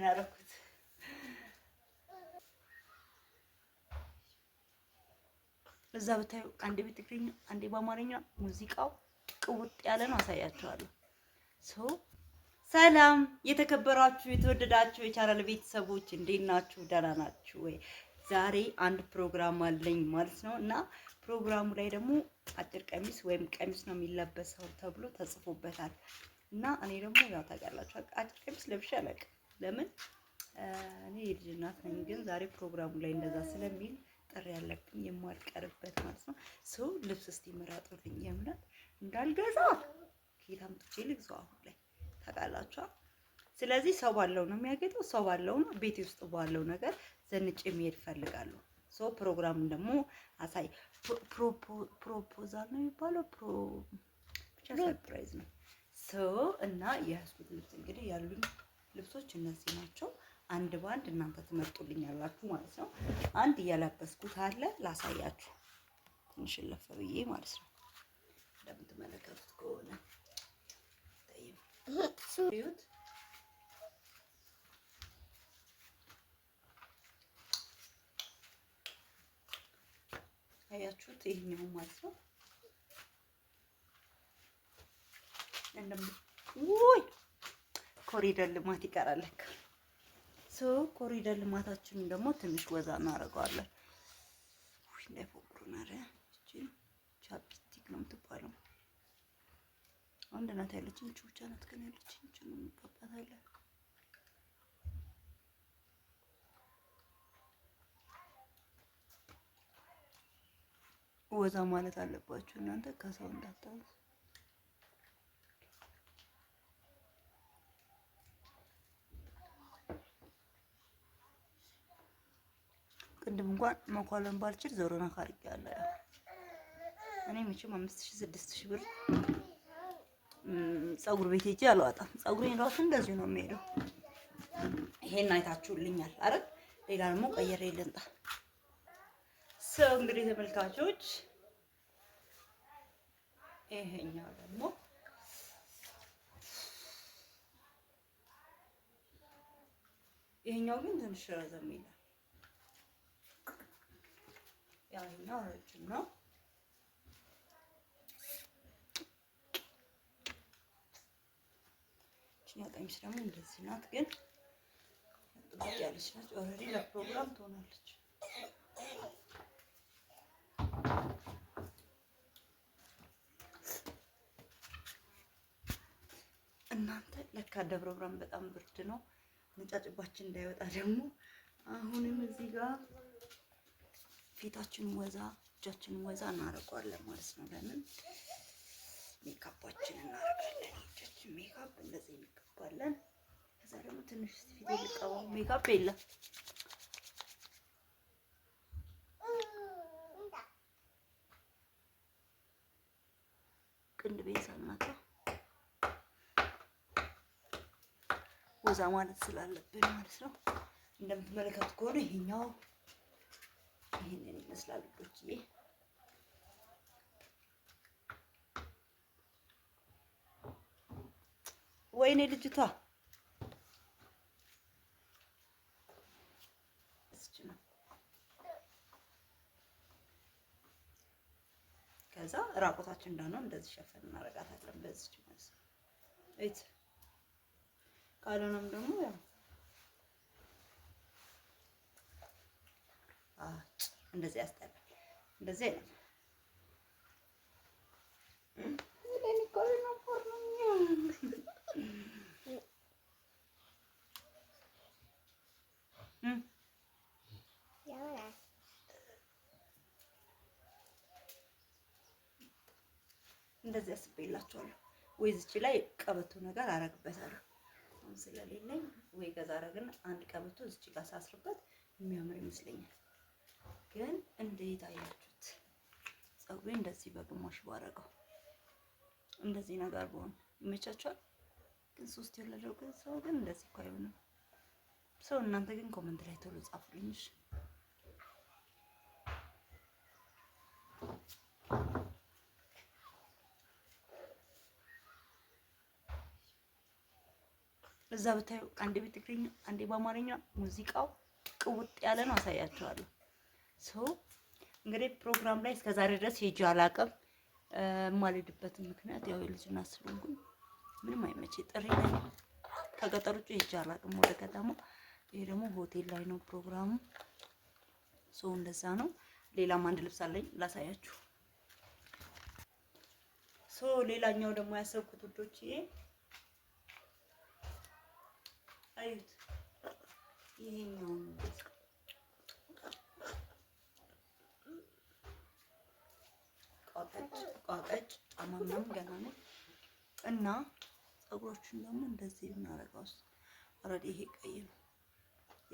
ነው ያደረኩት። እዛ ብታዩ አንዴ በትግርኛ አንዴ በአማርኛ ሙዚቃው ቅውጥ ያለ ነው። አሳያችኋለሁ። ሰው ሰላም፣ የተከበራችሁ የተወደዳችሁ የቻናል ቤተሰቦች እንዴት ናችሁ? ደህና ናችሁ ወይ? ዛሬ አንድ ፕሮግራም አለኝ ማለት ነው እና ፕሮግራሙ ላይ ደግሞ አጭር ቀሚስ ወይም ቀሚስ ነው የሚለበሰው ተብሎ ተጽፎበታል እና እኔ ደግሞ ያው ታውቃላችሁ አጭር ቀሚስ ለብሼ አላውቅም ለምን እኔ የልጅ እናት ነኝ፣ ግን ዛሬ ፕሮግራሙ ላይ እንደዛ ስለሚል ጥሪ ያለብኝ የማልቀርበት ማለት ነው። ሰው ልብስ እስቲ ምረጡልኝ የምላት እንዳልገዛ ጌታ ምጥቼ ልግዛው አሁን ላይ ታውቃላችሁ። ስለዚህ ሰው ባለው ነው የሚያገጠው፣ ሰው ባለው ነው ቤቴ ውስጥ ባለው ነገር ዘንጬ የሚሄድ ፈልጋለሁ። ሰው ፕሮግራሙን ደግሞ አሳይ ፕሮፖዛል ነው የሚባለው ብቻ ሰርፕራይዝ ነው ሰው እና የያዝኩት ልብስ እንግዲህ ያሉኝ ልብሶች እነዚህ ናቸው። አንድ በአንድ እናንተ ትመርጡልኝ ያላችሁ ማለት ነው። አንድ እያለበስኩት አለ ላሳያችሁ፣ ትንሽ ለፈ ብዬ ማለት ነው። እንደምትመለከቱት ከሆነ ሱሪዩት አያችሁት? ይሄኛው ማለት ነው እንደም ውይ ኮሪደር ልማት ይቀራል። ሶ ኮሪደር ልማታችንን ደግሞ ትንሽ ወዛ እናደርገዋለን። እንዳይፎግሩን አረ ቻፕስቲክ ነው የምትባለው። አንድ ናት ያለችን እች ብቻ ናት ግን ያለችን እች ነው እንቀባታለን። ወዛ ማለት አለባችሁ እናንተ ከሰው እንዳታዙ ቅድም እንኳን መኳለን ባልችል ዞሮና ካርቅ ያለ እኔ መቼም አምስት ሺ ስድስት ሺ ብር ፀጉር ቤት ሄጄ አልዋጣም። ፀጉሬን ራሱ እንደዚሁ ነው የሚሄደው። ይሄን አይታችሁልኛል አይደል? ሌላ ደግሞ ቀየር የለንጣ ሰው እንግዲህ ተመልካቾች፣ ይሄኛው ደግሞ ይሄኛው ግን ትንሽ ረዘም ይላል። ያኛው ረጅም ነው። ቀሚስ ደግሞ እንደዚህ ናት፣ ግን ያለች ናት። ኦልሬዲ ለፕሮግራም ትሆናለች። እናንተ ለካ ደብረ ብርሃን በጣም ብርድ ነው። ነጫጭባችን እንዳይወጣ ደግሞ አሁንም እዚህ ጋር ፊታችንን ወዛ እጃችንን ወዛ እናደርገዋለን ማለት ነው። ለምን ሜካፓችንን እናደርጋለን። እጃችን ሜካፕ እንደዚህ እንቀባለን። ከዛ ደግሞ ትንሽ ፊት የሚቀባው ሜካፕ የለም ቅንድ ቤት ሳልናታ ወዛ ማለት ስላለብን ማለት ነው። እንደምትመለከቱ ከሆነ ይሄኛው ይመስላል ውዶችዬ። ወይኔ ልጅቷ ከዛ ራቆታችን እንዳንሆን እንደዚህ ሸፈን እናደርጋታለን። በዚህ ማለት ነው። ካልሆነም ደግሞ ያው እንደዚህ ያስጠላል። እንደዚህ አይነት እንደዚህ አስቤላችኋለሁ። ወይ እዚች ላይ ቀበቶ ነገር አረግበታለሁ። ስለሌለኝ ወይ ገዛ አረግና አንድ ቀበቶ እዚች ጋር ሳስርበት የሚያምር ይመስለኛል። ግን እንዴት አያችሁት? ፀጉሬ እንደዚህ በግማሽ ባረገው እንደዚህ ነገር በሆነ ይመቻችኋል። ግን ሶስት የወለደው ግን ሰው ግን እንደዚህ እኮ አይሆንም። ሰው እናንተ ግን ኮመንት ላይ ቶሎ ጻፉልኝሽ። እዛ ብታዩ አንዴ በትግርኛ አንዴ በአማርኛ ሙዚቃው ቅውጥ ያለ ነው። አሳያችኋለሁ። ሰው እንግዲህ ፕሮግራም ላይ ዛሬ ድረስ ሄጄ አላውቅም። የማልሄድበትን ምክንያት ያው የልጁን አስበንኩኝ ምንም አይመቼ ጥሪ ላይ ከገጠር ውጭ ሄጄ አላውቅም ወደ ከተማ። ይሄ ደግሞ ሆቴል ላይ ነው ፕሮግራሙ። ሰው እንደዛ ነው። ሌላም አንድ ልብስ አለኝ ላሳያችሁ። ሶ ሌላኛው ደግሞ ያሰብኩት ውዶች ይሄ አዩት ይሄኛውን ቋቀጭ ቋቀጭ ጫማ ገና ነው እና ፀጉሮችን ደግሞ እንደዚህ የምናደርገው ኦልሬዲ ይሄ ቀይ ነው።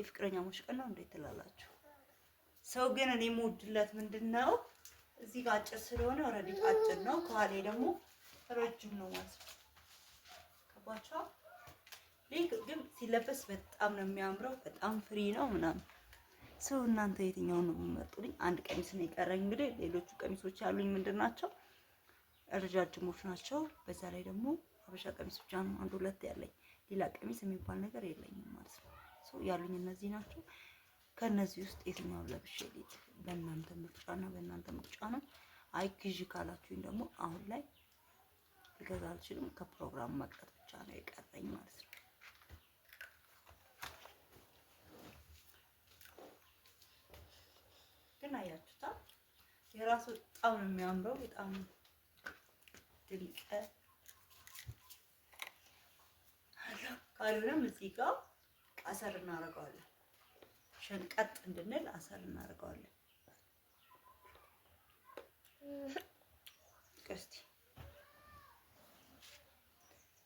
የፍቅረኛሞች ቀን ነው እንዴት ትላላችሁ? ሰው ግን እኔ የምወድለት ምንድን ነው እዚህ ጋር አጭር ስለሆነ ኦልሬዲ አጭር ነው፣ ከኋላ ደግሞ ረጅም ነው ማለት ነው። ገባችኋል? ግን ሲለበስ በጣም ነው የሚያምረው። በጣም ፍሪ ነው ምናምን ሰው እናንተ የትኛው ነው የሚመርጡልኝ? አንድ ቀሚስ ነው የቀረኝ። እንግዲህ ሌሎቹ ቀሚሶች ያሉኝ ምንድን ናቸው? ረጃጅሞች ናቸው። በዛ ላይ ደግሞ ሀበሻ ቀሚስ ብቻ ነው አንድ ሁለት ያለኝ። ሌላ ቀሚስ የሚባል ነገር የለኝም ማለት ነው። ያሉኝ እነዚህ ናቸው። ከእነዚህ ውስጥ የትኛውን ለብሼ ልሂድ? በእናንተ ምርጫና በእናንተ ምርጫ ነው። አይ ግዢ ካላችሁኝ ደግሞ አሁን ላይ ልገዛ አልችልም። ከፕሮግራም መቅረት ብቻ ነው የቀረኝ ማለት ነው። ግን አያችሁታል። የራሱ በጣም ነው የሚያምረው። በጣም ድንቅ ካልሆነም እዚህ ጋር አሰር እናደርገዋለን። ሸንቀጥ እንድንል አሰር እናደርገዋለን። እስኪ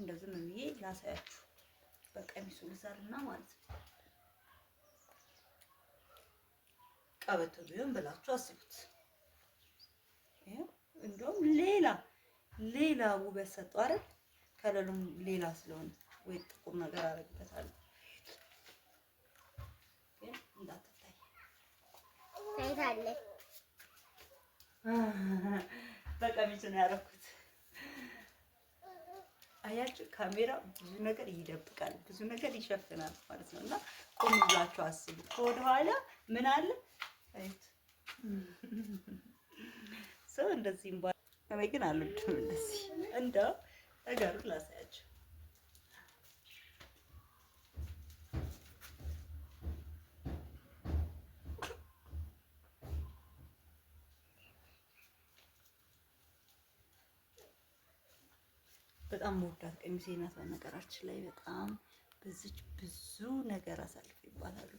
እንደዚህ ነው ብዬ ላሳያችሁ። በቀሚሱ ልሰር ማለት ነው ቀበቶ ቢሆን ብላችሁ አስቡት። እንዲሁም ሌላ ሌላ ውበት ሰጠው አይደል? ከለሉም ሌላ ስለሆነ ወይ ጥቁር ነገር አደረግበታለሁ ግን እንዳትታይ ነው ያደረኩት። አያችሁ፣ ካሜራ ብዙ ነገር ይደብቃል፣ ብዙ ነገር ይሸፍናል ማለት ነው። እና ቆም ብላችሁ አስቡ። ከወደኋላ ምን አለ አይት ሰው እንደዚህ እንባ እኔ ግን አልወድም። እንደዚህ እንደው ነገሩ ላሳያቸው። በጣም መውዳት ቀሚሴ ናት። በነገራችን ላይ በጣም በዚች ብዙ ነገር አሳልፍ ይባላሉ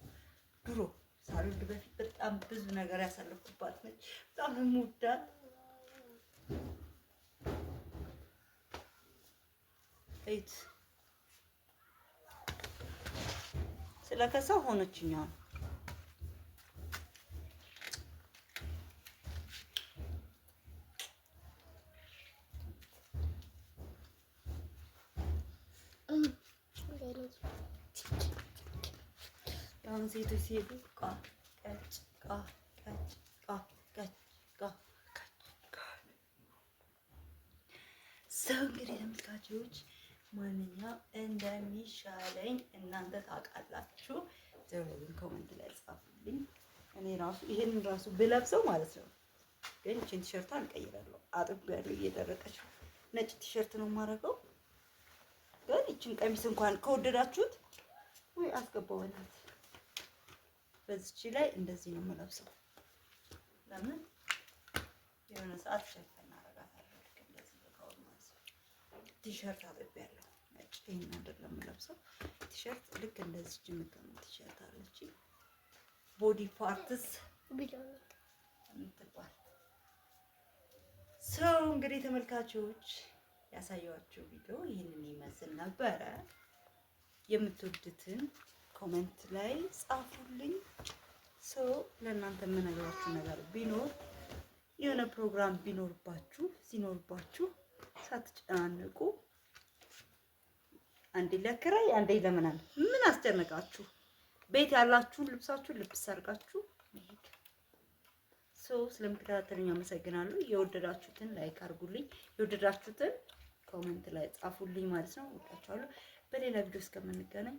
ድሮ ሳልወድ በፊት በጣም ብዙ ነገር ያሳለፍኩባት ነች። በጣም የምወዳት እት ስለከሰው ሆነችኛል። አሁን ሴቶች ሲሄዱ ተመልካቾች ማንኛው እንደሚሻለኝ እናንተ ታውቃላችሁ። ዘሩን ኮመንት ላይ ጻፉልኝ። እኔ ራሱ ይሄን ራሱ ብለብሰው ማለት ነው፣ ግን እቺን ቲሸርት አንቀይራለሁ። አጥብ ያለው እየደረቀች ነጭ ቲሸርት ነው የማደርገው። ግን እቺን ቀሚስ እንኳን ከወደዳችሁት ወይ አስገባውናት። በዚች ላይ እንደዚህ ነው የምለብሰው። ለምን የሆነ ሰዓት ቲሸርት አጥቤ ያለው ነጭ ይህን አይደለም የምለብሰው ቲሸርት ልክ እንደዚህ የምትሆነ ቲሸርት አለች። ቦዲ ፓርትስ የምትባል ሰው እንግዲህ ተመልካቾች ያሳየኋቸው ቪዲዮ ይህንን ይመስል ነበረ። የምትወዱትን ኮመንት ላይ ጻፉልኝ። ሰው ለእናንተ የምነግራችሁ ነገር ቢኖር የሆነ ፕሮግራም ቢኖርባችሁ ሲኖርባችሁ ሳትጨናንቁ አንዴ ለክራይ አንዴ ለምናል ምን አስጨነቃችሁ? ቤት ያላችሁን ልብሳችሁን ልብስ አድርጋችሁ ሶ ስለምትከታተሉኝ አመሰግናለሁ። የወደዳችሁትን ላይክ አድርጉልኝ፣ የወደዳችሁትን ኮሜንት ላይ ጻፉልኝ ማለት ነው። ወጣችኋለሁ። በሌላ ቪዲዮ እስከምንገናኝ